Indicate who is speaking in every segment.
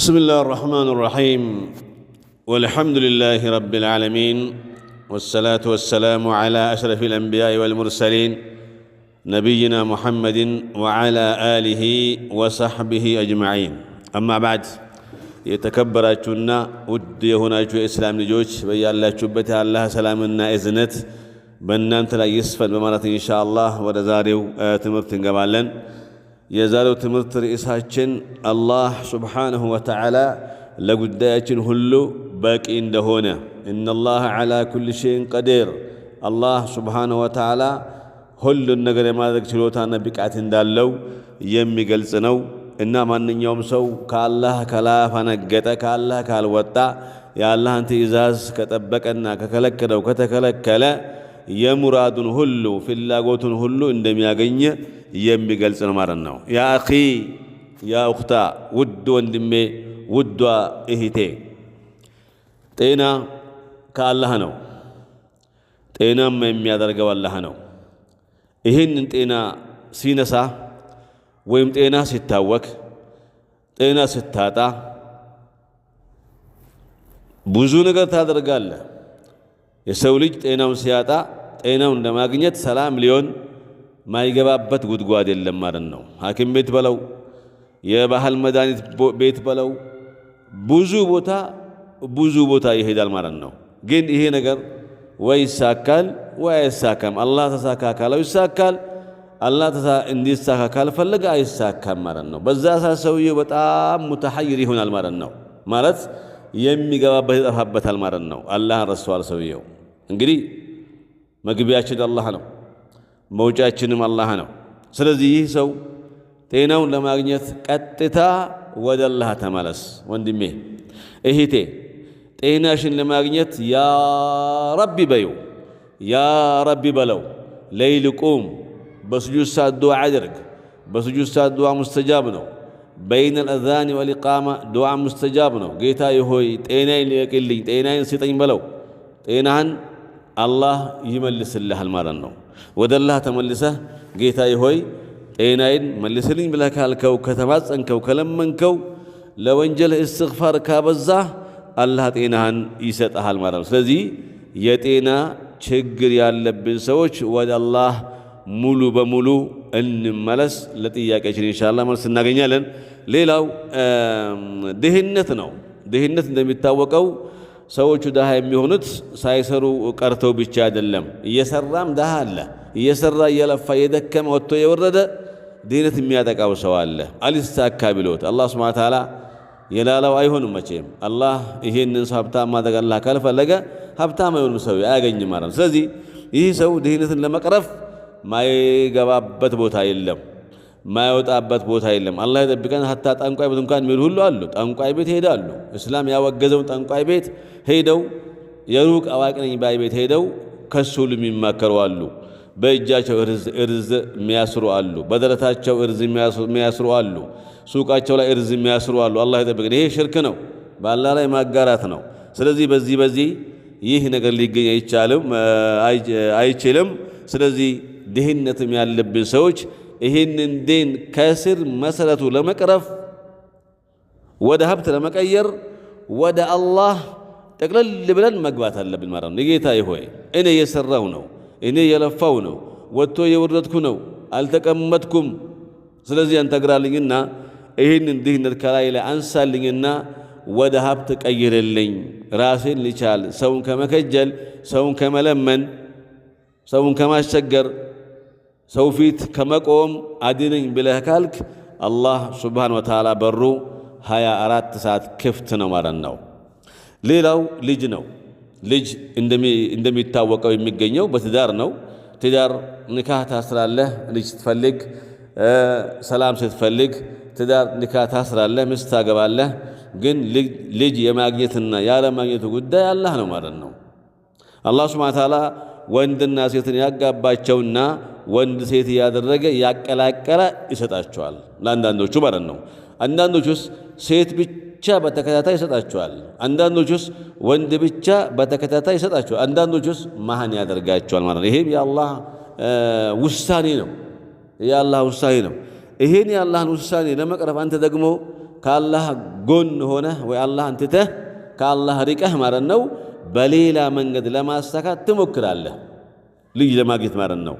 Speaker 1: بسم الله الرحمن الرحيم والحمد لله رب العالمين والصلاة والسلام على أشرف الأنبياء والمرسلين نبينا محمد وعلى آله وصحبه أجمعين أما بعد يتكبر የተከበራችሁና إسلام የሆናችሁ የእስላም الله በያላችሁበት الله سلامنا إذنت በእናንተ ላይ يسفل በማለት إن شاء الله ዛሬው آه، تمرتن قبالا የዛሬው ትምህርት ርዕሳችን አላህ ሱብሓነሁ ወተዓላ ለጉዳያችን ሁሉ በቂ እንደሆነ ኢነላህ ዓላ ኩል ሸይን ቀዲር፣ አላህ ሱብሓነሁ ወተዓላ ሁሉን ነገር የማድረግ ችሎታና ብቃት እንዳለው የሚገልጽ ነው እና ማንኛውም ሰው ከአላህ ካላፈነገጠ ከአላህ ካልወጣ የአላህን ትእዛዝ ከጠበቀና ከከለከለው ከተከለከለ የሙራዱን ሁሉ ፍላጎቱን ሁሉ እንደሚያገኘ የሚገልጽ ነው ማለት ነው። ያ አኺ ያ ኡኽታ፣ ውድ ወንድሜ፣ ውዷ እህቴ፣ ጤና ከአላህ ነው። ጤናማ የሚያደርገው አላህ ነው። ይህንን ጤና ሲነሳ ወይም ጤና ሲታወክ፣ ጤና ስታጣ ብዙ ነገር ታደርጋለህ። የሰው ልጅ ጤናውን ሲያጣ ጤናውን ለማግኘት ሰላም ሊሆን ማይገባበት ጉድጓድ የለም ማለት ነው። ሐኪም ቤት በለው የባህል መድኃኒት ቤት በለው ብዙ ቦታ ብዙ ቦታ ይሄዳል ማለት ነው። ግን ይሄ ነገር ወይ ይሳካል ወይ አይሳካም። አላህ ተሳካ ካለው ይሳካል፣ አላህ እንዲሳካ ካልፈለገ አይሳካም ማለት ነው። በዛ ሳ ሰውዬው በጣም ሙተሐይር ይሆናል ማለት ነው። ማለት የሚገባበት ይጠፋበታል ማለት ነው። አላህን ረስተዋል ሰውየው። እንግዲህ መግቢያችን አላህ ነው፣ መውጫችንም አላህ ነው። ስለዚህ ይህ ሰው ጤናውን ለማግኘት ቀጥታ ወደ አላህ ተመለስ። ወንድሜ እህቴ፣ ጤናሽን ለማግኘት ያ ረቢ በዩ ያ ረቢ በለው። ሌይል ቁም፣ በስጁድ ሰዓት ዱዓ አድርግ። በስጁድ ሰዓት ዱዓ ሙስተጃብ ነው። በይነ አልአዛን ወልኢቃማ ዱዓ ሙስተጃብ ነው። ጌታዬ ሆይ ጤናዬን ልቀቅልኝ፣ ጤናዬን ስጠኝ በለው። ጤናህን አላህ ይመልስልሃል ማለት ነው። ወደ አላህ ተመልሰህ ጌታዬ ሆይ ጤናዬን መልስልኝ ብለህ ካልከው፣ ከተማጸንከው፣ ከለመንከው፣ ለወንጀልህ እስትግፋር ካበዛህ አላህ ጤናህን ይሰጠሃል ማለት ነው። ስለዚህ የጤና ችግር ያለብን ሰዎች ወደ አላህ ሙሉ በሙሉ እንመለስ። ለጥያቄችን ኢንሻአላህ መልስ እናገኛለን። ሌላው ድህነት ነው። ድህነት እንደሚታወቀው ሰዎቹ ድሃ የሚሆኑት ሳይሰሩ ቀርተው ብቻ አይደለም። እየሰራም ድሃ አለ። እየሰራ እየለፋ እየደከመ ወጥቶ የወረደ ድህነት የሚያጠቃው ሰው አለ። አልስታካ ቢሎት አላህ ስብሐነ ወተዓላ የላለው አይሆንም። መቼም አላህ ይሄንን ሰው ሀብታም ማድረግ አላህ ካልፈለገ ሀብታም አይሆንም ሰው አያገኝም ማለት ስለዚህ ይህ ሰው ድህነትን ለመቅረፍ ማይገባበት ቦታ የለም። ማይወጣበት ቦታ የለም። አላህ ይጠብቀን። ሀታ ጠንቋይ ቤት እንኳን የሚሄዱ ሁሉ አሉ። ጠንቋይ ቤት ይሄዳሉ። እስላም ያወገዘውን ጠንቋይ ቤት ሄደው የሩቅ አዋቂ ነኝ ባይ ቤት ሄደው ከሱ ሁሉ የሚማከሩ አሉ። በእጃቸው እርዝ የሚያስሩ አሉ። በደረታቸው እርዝ የሚያስሩ አሉ። ሱቃቸው ላይ እርዝ የሚያስሩ አሉ። አላህ ይጠብቀን። ይሄ ሽርክ ነው፣ በአላህ ላይ ማጋራት ነው። ስለዚህ በዚህ በዚህ ይህ ነገር ሊገኝ አይቻልም አይችልም። ስለዚህ ድህነትም ያለብን ሰዎች ይህንን ዴን ከስር መሰረቱ ለመቅረፍ ወደ ሀብት ለመቀየር ወደ አላህ ጠቅለል ብለን መግባት አለብን ማለት ነው። ጌታ ሆይ እኔ የሰራው ነው፣ እኔ የለፋው ነው፣ ወጥቶ የወረድኩ ነው፣ አልተቀመጥኩም። ስለዚህ አንተግራልኝና ይህንን ድህነት ከላይ ላይ አንሳልኝና ወደ ሀብት ቀይርልኝ። ራሴን ልቻል፣ ሰውን ከመከጀል፣ ሰውን ከመለመን፣ ሰውን ከማስቸገር ሰው ፊት ከመቆም አድነኝ ብለህ ካልክ አላህ ሱብሓነሁ ወተዓላ በሩ 24 ሰዓት ክፍት ነው ማለት ነው። ሌላው ልጅ ነው። ልጅ እንደሚታወቀው የሚገኘው በትዳር ነው። ትዳር ኒካህ ታስራለህ፣ ልጅ ስትፈልግ፣ ሰላም ስትፈልግ ትዳር ኒካህ ታስራለህ፣ ሚስት ታገባለህ። ግን ልጅ የማግኘትና ያለማግኘቱ ጉዳይ አላህ ነው ማለት ነው። አላህ ሱብሓነሁ ወተዓላ ወንድና ሴትን ያጋባቸውና ወንድ ሴት እያደረገ ያቀላቀለ ይሰጣቸዋል። ለአንዳንዶቹ ማለት ነው። አንዳንዶቹስ ሴት ብቻ በተከታታይ ይሰጣቸዋል። አንዳንዶቹስ ወንድ ብቻ በተከታታይ ይሰጣቸዋል። አንዳንዶቹስ መሃን ያደርጋቸዋል ማለት ነው። ይሄም የአላህ ውሳኔ ነው። የአላህ ውሳኔ ነው። ይሄን የአላህን ውሳኔ ለመቅረፍ አንተ ደግሞ ከአላህ ጎን ሆነህ ወይ አላህ አንትተህ ከአላህ ሪቀህ ማለት ነው በሌላ መንገድ ለማሳካት ትሞክራለህ ልጅ ለማግኘት ማለት ነው።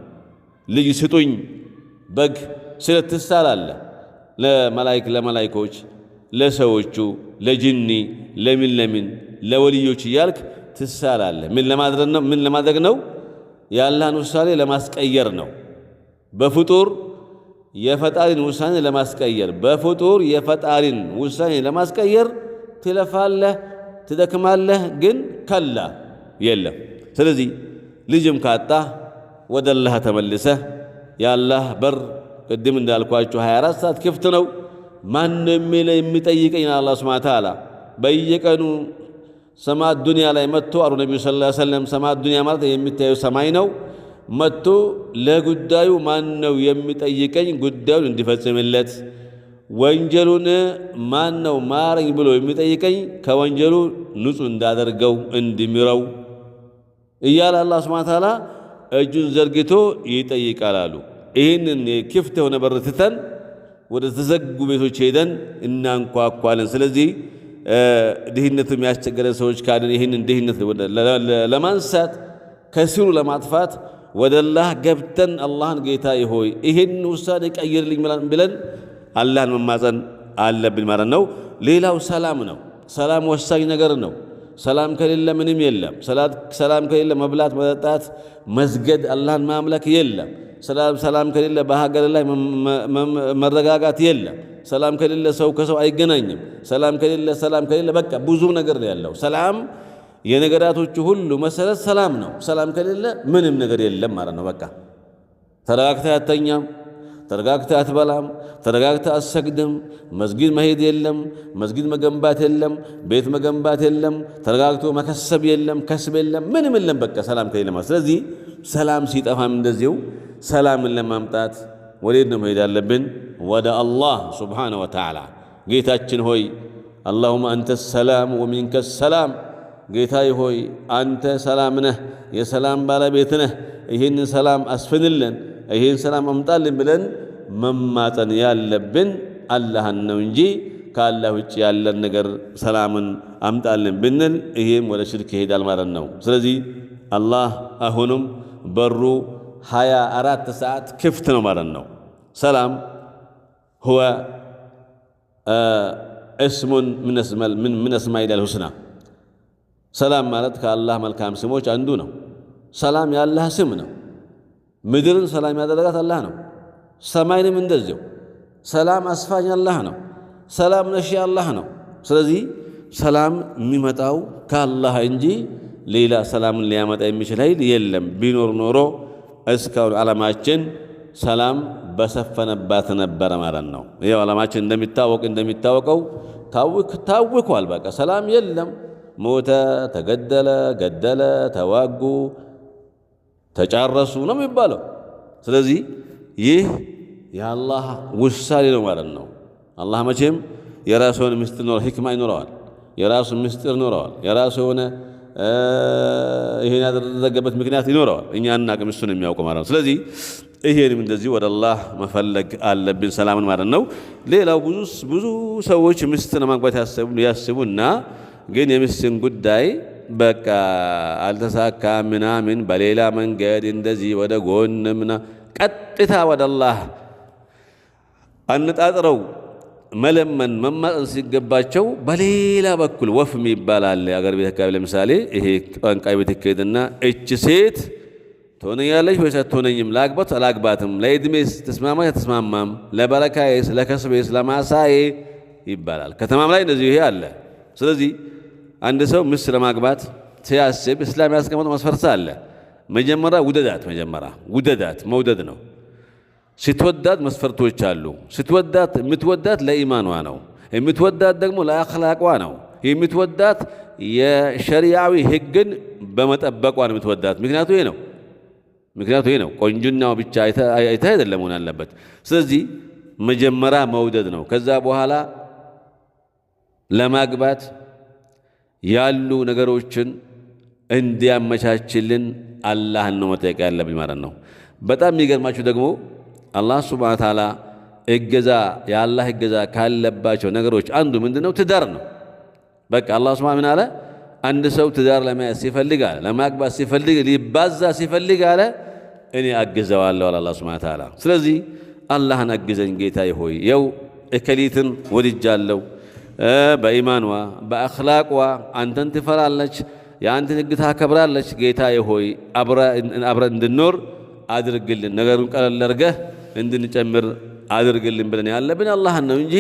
Speaker 1: ልጅ ስጡኝ በግ ስለትሳል አለ ለመላይክ ለመላይኮች ለሰዎቹ ለጅኒ ለምን ለምን ለወልዮች እያልክ ትሳላለ። ምን ለማድረግ ነው? ምን ለማድረግ ነው? የአላህን ውሳኔ ለማስቀየር ነው። በፍጡር የፈጣሪን ውሳኔ ለማስቀየር በፍጡር የፈጣሪን ውሳኔ ለማስቀየር ትለፋለህ፣ ትደክማለህ። ግን ከላ የለም። ስለዚህ ልጅም ካጣ ወደ አላህ ተመልሰህ የአላህ በር ቅድም እንዳልኳችሁ 24 ሰዓት ክፍት ነው። ማን ነው የሚለ የሚጠይቀኝ አላህ ሱብሓነሁ ወተዓላ በየቀኑ ሰማት ዱንያ ላይ መጥቶ አሉ ነቢዩ ሰለላሁ ዐለይሂ ወሰለም። ሰማት ዱንያ ማለት የሚታየው ሰማይ ነው። መጥቶ ለጉዳዩ ነው የሚጠይቀኝ ጉዳዩን እንዲፈጽምለት ወንጀሉን ማን ነው ማረኝ ብሎ የሚጠይቀኝ ከወንጀሉ ንጹህ እንዳደርገው እንዲምረው እያለ አላህ ሱብሓነሁ ወተዓላ እጁን ዘርግቶ ይጠይቃል አሉ። ይህንን ክፍት የሆነ በር ትተን ወደ ተዘጉ ቤቶች ሄደን እናንኳኳለን። ስለዚህ ድህነቱ የሚያስቸገረ ሰዎች ካለን ይህንን ድህነት ለማንሳት ከስሩ ለማጥፋት ወደ አላህ ገብተን አላህን ጌታ ይሆይ ይህን ውሳኔ ቀይርልኝ ብለን አላህን መማፀን አለብን ማለት ነው። ሌላው ሰላም ነው። ሰላም ወሳኝ ነገር ነው። ሰላም ከሌለ ምንም የለም። ሰላም ከሌለ መብላት፣ መጠጣት፣ መስገድ፣ አላህን ማምለክ የለም። ሰላም ከሌለ በሀገር ላይ መረጋጋት የለም። ሰላም ከሌለ ሰው ከሰው አይገናኝም። ሰላም ከሌለ ሰላም ከሌለ በቃ ብዙ ነገር ነው ያለው። ሰላም የነገራቶቹ ሁሉ መሰረት ሰላም ነው። ሰላም ከሌለ ምንም ነገር የለም ማለት ነው። በቃ ተረጋግተህ አተኛም ተረጋግተ አትበላም፣ ተረጋግተ አትሰግድም። መስጊድ መሄድ የለም፣ መስጊድ መገንባት የለም፣ ቤት መገንባት የለም፣ ተረጋግቶ መከሰብ የለም፣ ከስብ የለም፣ ምንም የለም። በቃ ሰላም ከሌለማ። ስለዚህ ሰላም ሲጠፋም እንደዚው ሰላምን ለማምጣት ወዴት ነው መሄድ ያለብን? ወደ አላህ ሱብሓነሁ ወተዓላ። ጌታችን ሆይ አላሁመ አንተ ሰላም ወሚንከ ሰላም፣ ጌታዬ ሆይ አንተ ሰላም ነህ፣ የሰላም ባለቤት ነህ። ይህንን ሰላም አስፍንልን ይህን ስራ አምጣልን ብለን መማጠን ያለብን አላህን ነው እንጂ ከአላህ ውጭ ያለን ነገር ሰላምን አምጣልን ብንል ይህም ወደ ሽርክ ይሄዳል ማለት ነው። ስለዚህ አላህ አሁንም በሩ ሃያ አራት ሰዓት ክፍት ነው ማለት ነው። ሰላም ሁወ እስሙን ምን ሁስና ሰላም ማለት ከአላህ መልካም ስሞች አንዱ ነው። ሰላም የአላህ ስም ነው። ምድርን ሰላም ያደረጋት አላህ ነው። ሰማይንም እንደዚው ሰላም አስፋኝ አላህ ነው። ሰላም ነሺ አላህ ነው። ስለዚህ ሰላም የሚመጣው ከአላህ እንጂ ሌላ ሰላምን ሊያመጣ የሚችል ኃይል የለም። ቢኖር ኖሮ እስካሁን ዓለማችን ሰላም በሰፈነባት ነበረ ማለት ነው። ይኸው ዓለማችን እንደሚታወቅ እንደሚታወቀው ታውኳል። በቃ ሰላም የለም። ሞተ፣ ተገደለ፣ ገደለ፣ ተዋጉ ተጫረሱ ነው የሚባለው። ስለዚህ ይህ የአላህ ውሳኔ ነው ማለት ነው። አላህ መቼም የሆነ ምስጢር ኖረ ሂክማ ይኖረዋል፣ የራሱ ምስጢር ይኖረዋል፣ የራሱ የሆነ ይህን ያደረገበት ምክንያት ይኖረዋል። እኛ እናቅም፣ እሱን የሚያውቁ ማለት ነው። ስለዚህ ይሄንም እንደዚህ ወደ አላህ መፈለግ አለብን ሰላምን ማለት ነው። ሌላው ብዙ ሰዎች ሚስት ለማግባት ያስቡና ግን የሚስትን ጉዳይ በቃ አልተሳካ ምናምን በሌላ መንገድ እንደዚህ ወደ ጎን ምና ቀጥታ ወደ አላህ አነጣጥረው መለመን መማፀን ሲገባቸው በሌላ በኩል ወፍ የሚባል አለ። አገር ቤት አካባቢ ለምሳሌ ይሄ ጠንቋይ ቤት ይካሄድና እች ሴት ትሆነኛለች ወይስ አትሆነኝም፣ ላግባት አላግባትም፣ ለዕድሜስ ተስማማኝ አትስማማም፣ ለበረካዬስ፣ ለከስቤስ፣ ለማሳዬ ይባላል። ከተማም ላይ እንደዚህ ይሄ አለ። ስለዚህ አንድ ሰው ሚስት ለማግባት ሲያስብ እስላም ያስቀመጠው መስፈርት አለ። መጀመሪያ ውደዳት፣ መጀመሪያ ውደዳት መውደድ ነው። ስትወዳት መስፈርቶች አሉ። ስትወዳት የምትወዳት ለኢማኗ ነው። የምትወዳት ደግሞ ለአክላቋ ነው። የምትወዳት የሸሪያዊ ህግን በመጠበቋ ነው የምትወዳት። ምክንያቱ ይሄ ነው። ምክንያቱ ይሄ ነው። ቆንጅናው ብቻ አይታ አይደለም መሆን አለበት። ስለዚህ መጀመሪያ መውደድ ነው። ከዛ በኋላ ለማግባት ያሉ ነገሮችን እንዲያመቻችልን አላህን ነው መጠየቅ ያለብን ማለት ነው። በጣም የሚገርማችሁ ደግሞ አላህ ሱብሓነሁ ወተዓላ እገዛ የአላህ እገዛ ካለባቸው ነገሮች አንዱ ነው? ትዳር ነው። በቃ አላህ ሱብሓነሁ ምን አለ? አንድ ሰው ትዳር ለመያዝ ሲፈልግ አለ ለማግባት ሲፈልግ ሊባዛ ሲፈልግ አለ እኔ አግዘዋለሁ አለ አላህ ሱብሓነሁ ወተዓላ። ስለዚህ አላህን አግዘኝ ጌታ ሆይ የው እከሊትን ወድጃለሁ በኢማኗ በአኽላቋ አንተን ትፈራለች፣ የአንተን ሕግ ታከብራለች። ጌታዬ ሆይ አብረ እንድኖር አድርግልን፣ ነገሩን ቀለል አድርገህ እንድንጨምር አድርግልን ብለን ያለብን አላህን ነው እንጂ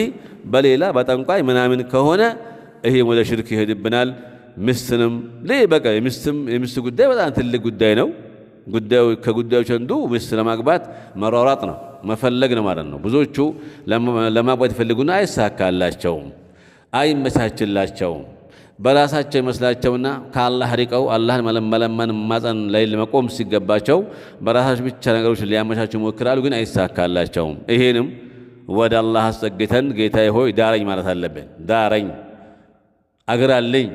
Speaker 1: በሌላ በጠንቋይ ምናምን ከሆነ ይህም ወደ ሽርክ ይሄድብናል። ምስትንም በቃ የሚስት ጉዳይ በጣም ትልቅ ጉዳይ ነው። ከጉዳዮች አንዱ ሚስት ለማግባት መሯሯጥ ነው፣ መፈለግ ነው ማለት ነው። ብዙዎቹ ለማግባት ይፈልጉና አይሳካላቸውም። አይመቻችላቸውም። በራሳቸው ይመስላቸውና ከአላህ ርቀው አላህን መለመን ማፀን ላይ ለመቆም ሲገባቸው በራሳቸው ብቻ ነገሮችን ሊያመቻቸው ይሞክራሉ፣ ግን አይሳካላቸውም። ይሄንም ወደ አላህ አስጠግተን ጌታ ሆይ ዳረኝ ማለት አለብን። ዳረኝ፣ አግራለኝ፣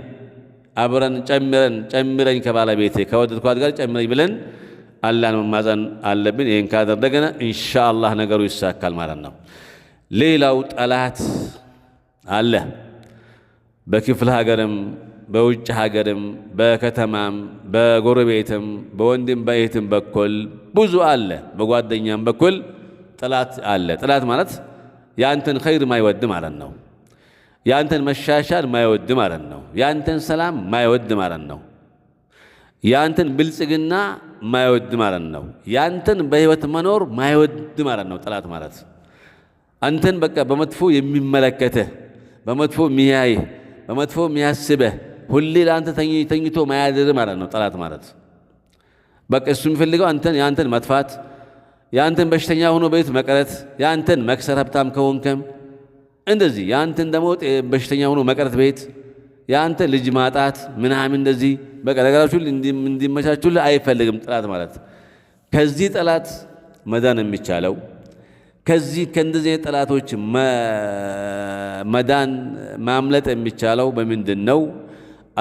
Speaker 1: አብረን ጨምረን ጨምረኝ ከባለቤቴ ከወደድኳት ጋር ጨምረኝ ብለን አላህን መማፀን አለብን። ይህን ካደረገን ኢንሻአላህ ነገሩ ይሳካል ማለት ነው። ሌላው ጠላት አለ በክፍለ ሀገርም በውጭ ሀገርም በከተማም በጎረቤትም በወንድም በእህትም በኩል ብዙ አለ። በጓደኛም በኩል ጥላት አለ። ጥላት ማለት ያንተን ኸይር ማይወድ ማለት ነው። ያንተን መሻሻል ማይወድ ማለት ነው። ያንተን ሰላም ማይወድ ማለት ነው። ያንተን ብልጽግና ማይወድ ማለት ነው። ያንተን በህይወት መኖር ማይወድ ማለት ነው። ጥላት ማለት አንተን በቃ በመጥፎ የሚመለከትህ በመጥፎ ሚያይህ በመጥፎ የሚያስበህ ሁሌ ለአንተ ተኝቶ ማያድር ማለት ነው ጠላት ማለት። በቃ እሱ የሚፈልገው አንተን የአንተን መጥፋት፣ የአንተን በሽተኛ ሆኖ ቤት መቅረት፣ የአንተን መክሰር፣ ሀብታም ከሆንከም እንደዚህ የአንተን ደግሞ በሽተኛ ሆኖ መቅረት ቤት የአንተ ልጅ ማጣት ምናምን እንደዚህ በቃ ነገራችሁ እንዲመቻችሁልህ አይፈልግም ጠላት ማለት። ከዚህ ጠላት መዳን የሚቻለው ከዚህ ከእንደዚህ ጠላቶች መዳን ማምለጥ የሚቻለው በምንድን ነው?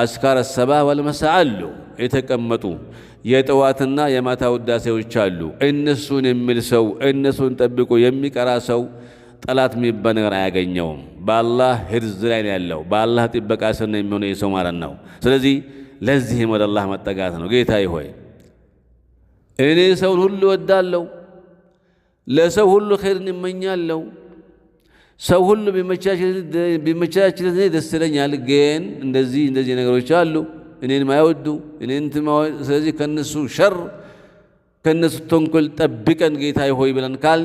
Speaker 1: አስካረ ሰባ ወልመሳ አሉ የተቀመጡ የጠዋትና የማታ ውዳሴዎች አሉ። እነሱን የሚል ሰው እነሱን ጠብቆ የሚቀራ ሰው ጠላት የሚባል ነገር አያገኘውም። በአላህ ሂርዝ ላይ ነው ያለው። በአላህ ጥበቃ ስር ነው የሚሆነው የሰው ማለት ነው። ስለዚህ ለዚህም ወደ አላህ መጠጋት ነው። ጌታዬ ሆይ እኔ ሰውን ሁሉ እወዳለሁ ለሰው ሁሉ ኸይርን እመኛለሁ። ሰው ሁሉ ቢመቻችለት ደስ ይለኛል። ግን እንደዚህ እንደዚህ ነገሮች አሉ እኔን ማይወዱ እኔን ስለዚህ ከነሱ ሸር ከነሱ ተንኮል ጠብቀን ጌታ ሆይ ብለን ካል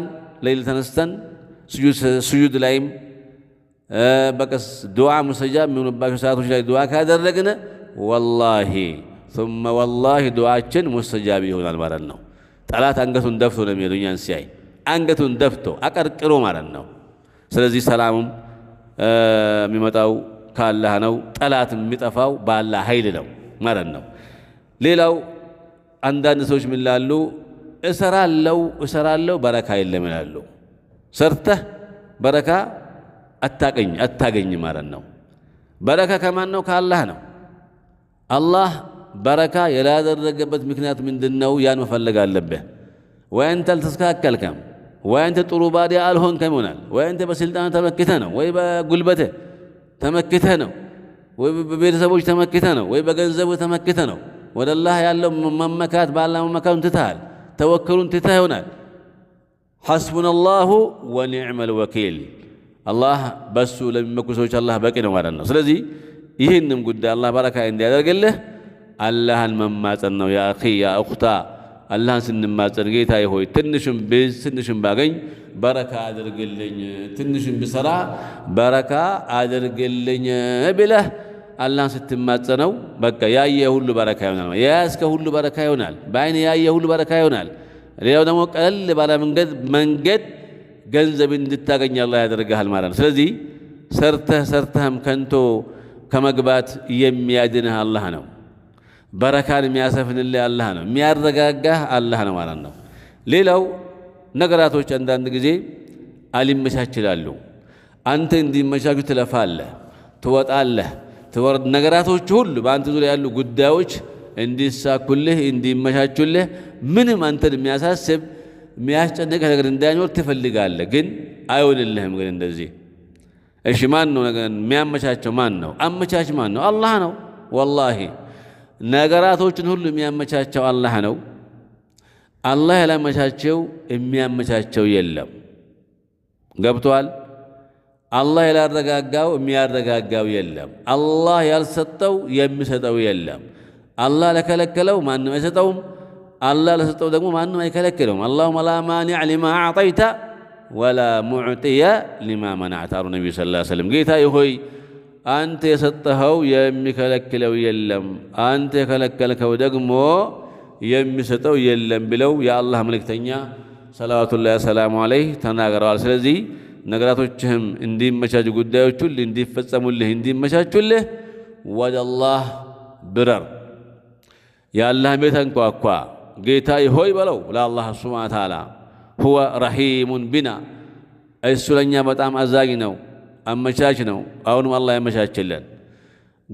Speaker 1: ሌል ተነስተን ስዩድ ላይም በቀስ ዱዓ ሙሰጃ የሚሆኑባቸው ሰዓቶች ላይ ዱዓ ካደረግን ወላሂ ثم ወላሂ ዱዓችን ሙሰጃብ ይሆናል ማለት ነው። ጠላት አንገቱን ደፍቶ ነው የሚሄዱ እኛን ሲያይ አንገቱን ደፍቶ አቀርቅሮ ማለት ነው። ስለዚህ ሰላሙም የሚመጣው ካላህ ነው። ጠላት የሚጠፋው በአላህ ኃይል ነው ማለት ነው። ሌላው አንዳንድ ሰዎች ምን ይላሉ? እሰራለው እሰራለው በረካ የለም ይላሉ። ሰርተህ በረካ አታገኝ ማለት ነው። በረካ ከማን ነው? ከአላህ ነው። አላህ በረካ ያላደረገበት ምክንያት ምንድን ነው? ያን መፈለግ አለብህ። ወይንተል ተስተካከልከም وانت ترو باريا الهون كمونا وانت بسلطان تمكتنا وي بقلبته تمكتنا وي ببيرسبوج تمكتنا وي بغنزب تمكتنا ود الله يالله ممكات بالله ممكات تتهال توكل تتهونا حسبنا الله ونعم الوكيل الله بس لم مكوسوج الله بقي نوارنا سلازي ይህንም ጉዳይ አላህ ባረካ እንዲያደርግልህ አላህን መማፀን ነው ያ አኺ ያ እኽታ አላህን ስንማጸን ጌታዬ ሆይ ትንሽም ብዝ ትንሽም ባገኝ በረካ አድርግልኝ፣ ትንሽም ብሰራ በረካ አድርግልኝ ብለህ አላህን ስትማጸነው በቃ ያየ ሁሉ በረካ ይሆናል። የያዝከ ሁሉ በረካ ይሆናል። በአይን ያየ ሁሉ በረካ ይሆናል። ሌላው ደግሞ ቀለል ባለ መንገድ መንገድ ገንዘብ እንድታገኝ አላህ ያደርግሃል ማለት ነው። ስለዚህ ሰርተህ ሰርተህም ከንቶ ከመግባት የሚያድንህ አላህ ነው። በረካን የሚያሰፍንል አላህ ነው፣ የሚያረጋጋህ አላህ ነው ማለት ነው። ሌላው ነገራቶች አንዳንድ ጊዜ አሊመቻችላሉ። አንተ እንዲመቻቹ ትለፋለህ፣ ትወጣለህ፣ ትወርድ ነገራቶች ሁሉ በአንተ ዙሪያ ያሉ ጉዳዮች እንዲሳኩልህ፣ እንዲመቻቹልህ ምንም አንተን የሚያሳስብ የሚያስጨንቅህ ነገር እንዳይኖር ትፈልጋለህ። ግን አይሆንልህም። ግን እንደዚህ እሺ፣ ማን ነው ነገር የሚያመቻቸው? ማን ነው አመቻች? ማን ነው? አላህ ነው ወላሂ ነገራቶችን ሁሉ የሚያመቻቸው አላህ ነው። አላህ ያላመቻቸው የሚያመቻቸው የለም። ገብቷል። አላህ ያላረጋጋው የሚያረጋጋው የለም። አላህ ያልሰጠው የሚሰጠው የለም። አላህ ለከለከለው ማንም አይሰጠውም። አላህ ለሰጠው ደግሞ ማንም አይከለክለውም። አላሁመ ላ ማኒዕ ሊማ አዕጠይተ ወላ ሙዕጢየ ሊማ መናዕተ አሉ ነቢዩ ሰለላሁ ዐለይሂ ወሰለም ጌታ ሆይ አንተ የሰጠኸው የሚከለክለው የለም፣ አንተ የከለከልከው ደግሞ የሚሰጠው የለም ብለው የአላህ መልእክተኛ ሰላዋቱላሂ ወሰላሙ ዐለይህ ተናግረዋል። ስለዚህ ነገራቶችህም እንዲመቻች፣ ጉዳዮቹልህ እንዲፈጸሙልህ፣ እንዲመቻቹልህ ወደ አላህ ብረር፣ የአላህ ቤት አንኳኳ፣ ጌታ ይሆይ በለው ለአላህ ሱብሓነሁ ወተዓላ ሁወ ረሒሙን ቢና፣ እሱ ለእኛ በጣም አዛኝ ነው። አመቻች ነው። አሁንም አላህ ያመቻችልን።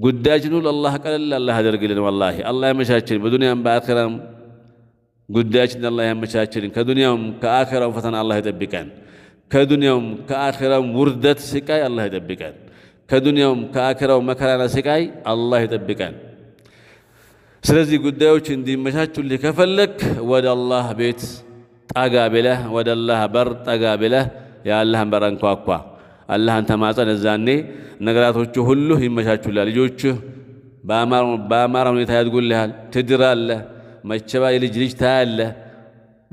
Speaker 1: ጉዳያችን ሁሉ አላህ ቀለል አላህ ያደርግልን። ወላሂ አላህ ያመቻችልን። በዱንያም በአኼራም ጉዳያችን አላህ ያመቻችልን። ከዱንያውም ከአኼራው ፈተና አላህ ይጠብቀን። ከዱንያውም ከአኼራውም ውርደት ስቃይ አላህ ይጠብቀን። ከዱንያውም ከአኼራው መከራና ስቃይ አላህ ይጠብቀን። ስለዚህ ጉዳዮች እንዲመቻቹልህ ከፈለክ ወደ አላህ ቤት ጠጋ ብለህ ወደ አላህ በር ጠጋ ብለህ የአላህን በር አንኳኳ። አላህን ተማጸን። እዛኔ ነገራቶቹ ሁሉ ይመቻቹላል። ልጆቹ በአማራ ሁኔታ ያድጉልሃል። ትድራለህ። መቸባ የልጅ ልጅ ታያለህ።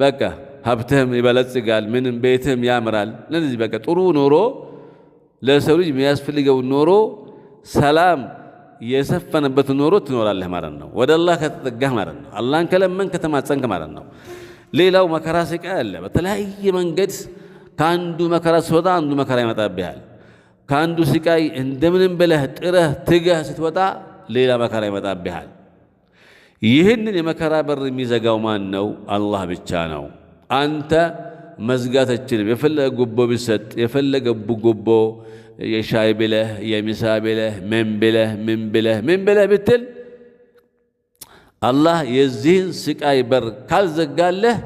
Speaker 1: በቃ ሀብትህም ይበለጽጋል። ምንም ቤትህም ያምራል። ለዚህ በቃ ጥሩ ኖሮ ለሰው ልጅ የሚያስፈልገው ኖሮ ሰላም የሰፈነበት ኖሮ ትኖራለህ ማለት ነው። ወደ አላህ ከተጠጋህ ማለት ነው። አላህን ከለመን ከተማጸንክ ማለት ነው። ሌላው መከራ ስቃይ አለ በተለያየ መንገድ ከአንዱ መከራ ስትወጣ አንዱ መከራ ይመጣብሃል። ከአንዱ ስቃይ እንደምንም ብለህ ጥረህ ትገህ ስትወጣ ሌላ መከራ ይመጣብሃል። ይህንን የመከራ በር የሚዘጋው ማን ነው? አላህ ብቻ ነው። አንተ መዝጋት አትችልም። የፈለገ ጉቦ ቢሰጥ የፈለገ ጉቦ የሻይ ብለህ የሚሳ ብለህ ምን ብለህ ምን ብለህ ምን ብለህ ብትል አላህ የዚህን ስቃይ በር ካልዘጋለህ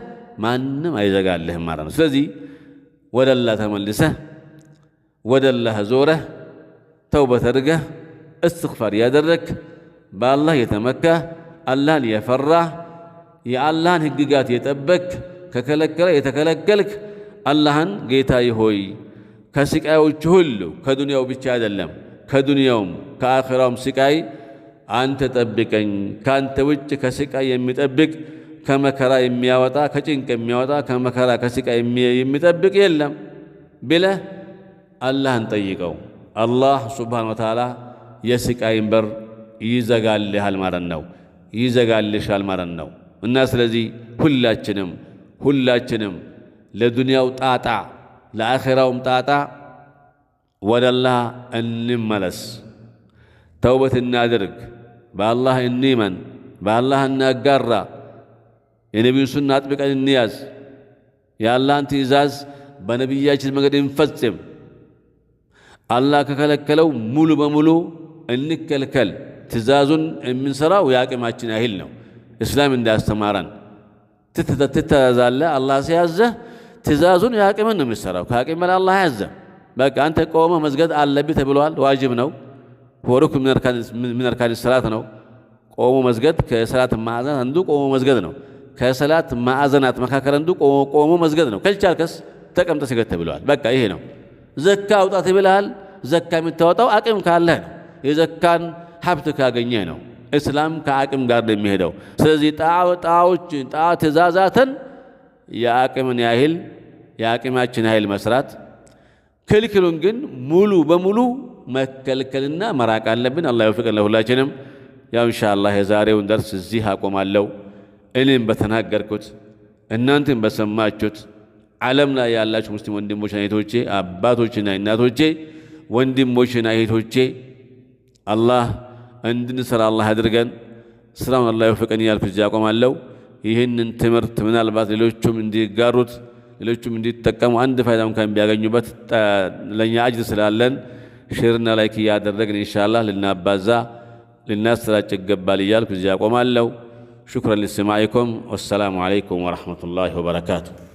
Speaker 1: ማንም አይዘጋልህም ማለት ነው። ስለዚህ ودل تملسه ودل زوره توبة رقه استغفار يدرك بالله يتمكى الله ليفرع يا الله هجيجات يتبك ككلكل يتكلكلك الله ان جيتا يهوي كسكاي وجهلو كدنيا وبيتش ادلم كدنياوم كاخرام سكاي انت تبكن كانت وجه كسكاي يمتبك يتبك ከመከራ የሚያወጣ ከጭንቅ የሚያወጣ ከመከራ ከስቃይ የሚጠብቅ የለም ብለህ አላህን ጠይቀው። አላህ ሱብሓነሁ ወተዓላ የስቃይን በር ይዘጋልሃል ማለት ነው፣ ይዘጋልሻል ማለት ነው። እና ስለዚህ ሁላችንም ሁላችንም ለዱንያው ጣጣ ለአኼራውም ጣጣ ወደ አላህ እንመለስ፣ ተውበት እናድርግ፣ በአላህ እንመን፣ በአላህ እናጋራ የነቢዩን ሱና አጥብቀን እንያዝ። የአላህን ትእዛዝ በነቢያችን መንገድ እንፈጽም። አላህ ከከለከለው ሙሉ በሙሉ እንከልከል። ትእዛዙን የምንሠራው የአቅማችን ያህል ነው። እስላም እንዳያስተማረን ትታዛለህ። አላህ ሲያዘህ ትእዛዙን የአቅምን ነው የምንሰራው። ከአቅም በላይ አላህ ያዘ። በቃ አንተ ቆመ መስገድ አለብህ ተብለዋል። ዋጅብ ነው። ወሩክን ሚን አርካኒ ሰላት ነው። ቆሞ መስገድ ከስራት ማዕዛት አንዱ ቆሞ መስገድ ነው። ከሰላት ማዕዘናት መካከል አንዱ ቆሞ መስገድ ነው። ከልቻልከስ ተቀምጠ ስገድ ተብለዋል። በቃ ይሄ ነው። ዘካ አውጣት ይብልሃል። ዘካ የምታወጣው አቅም ካለ ነው። የዘካን ሀብት ካገኘ ነው። እስላም ከአቅም ጋር ነው የሚሄደው። ስለዚህ ጣዖች ጣ ትእዛዛትን የአቅምን ያህል የአቅማችን ያህል መስራት፣ ክልክሉን ግን ሙሉ በሙሉ መከልከልና መራቅ አለብን። አላህ ይወፍቀን ለሁላችንም። ያው ኢንሻአላህ የዛሬውን ደርስ እዚህ አቆማለሁ። እኔም በተናገርኩት እናንተም በሰማችሁት ዓለም ላይ ያላችሁ ሙስሊም ወንድሞችና እህቶቼ፣ አባቶችና እናቶቼ፣ ወንድሞችና እህቶቼ አላህ እንድንሰራ አላህ አድርገን ስራውን አላህ ይወፍቀን እያልኩ እዚህ አቆማለሁ። ይህንን ትምህርት ምናልባት ሌሎቹም እንዲጋሩት ሌሎቹም እንዲጠቀሙ አንድ ፋይዳ እንኳን ቢያገኙበት ለእኛ አጅር ስላለን ሽርና ላይክ እያደረግን ኢንሻአላህ ልናባዛ ልናሰራጭ ይገባል እያልኩ እዚህ አቆማለሁ። شكرا لاستماعكم والسلام عليكم ورحمة الله وبركاته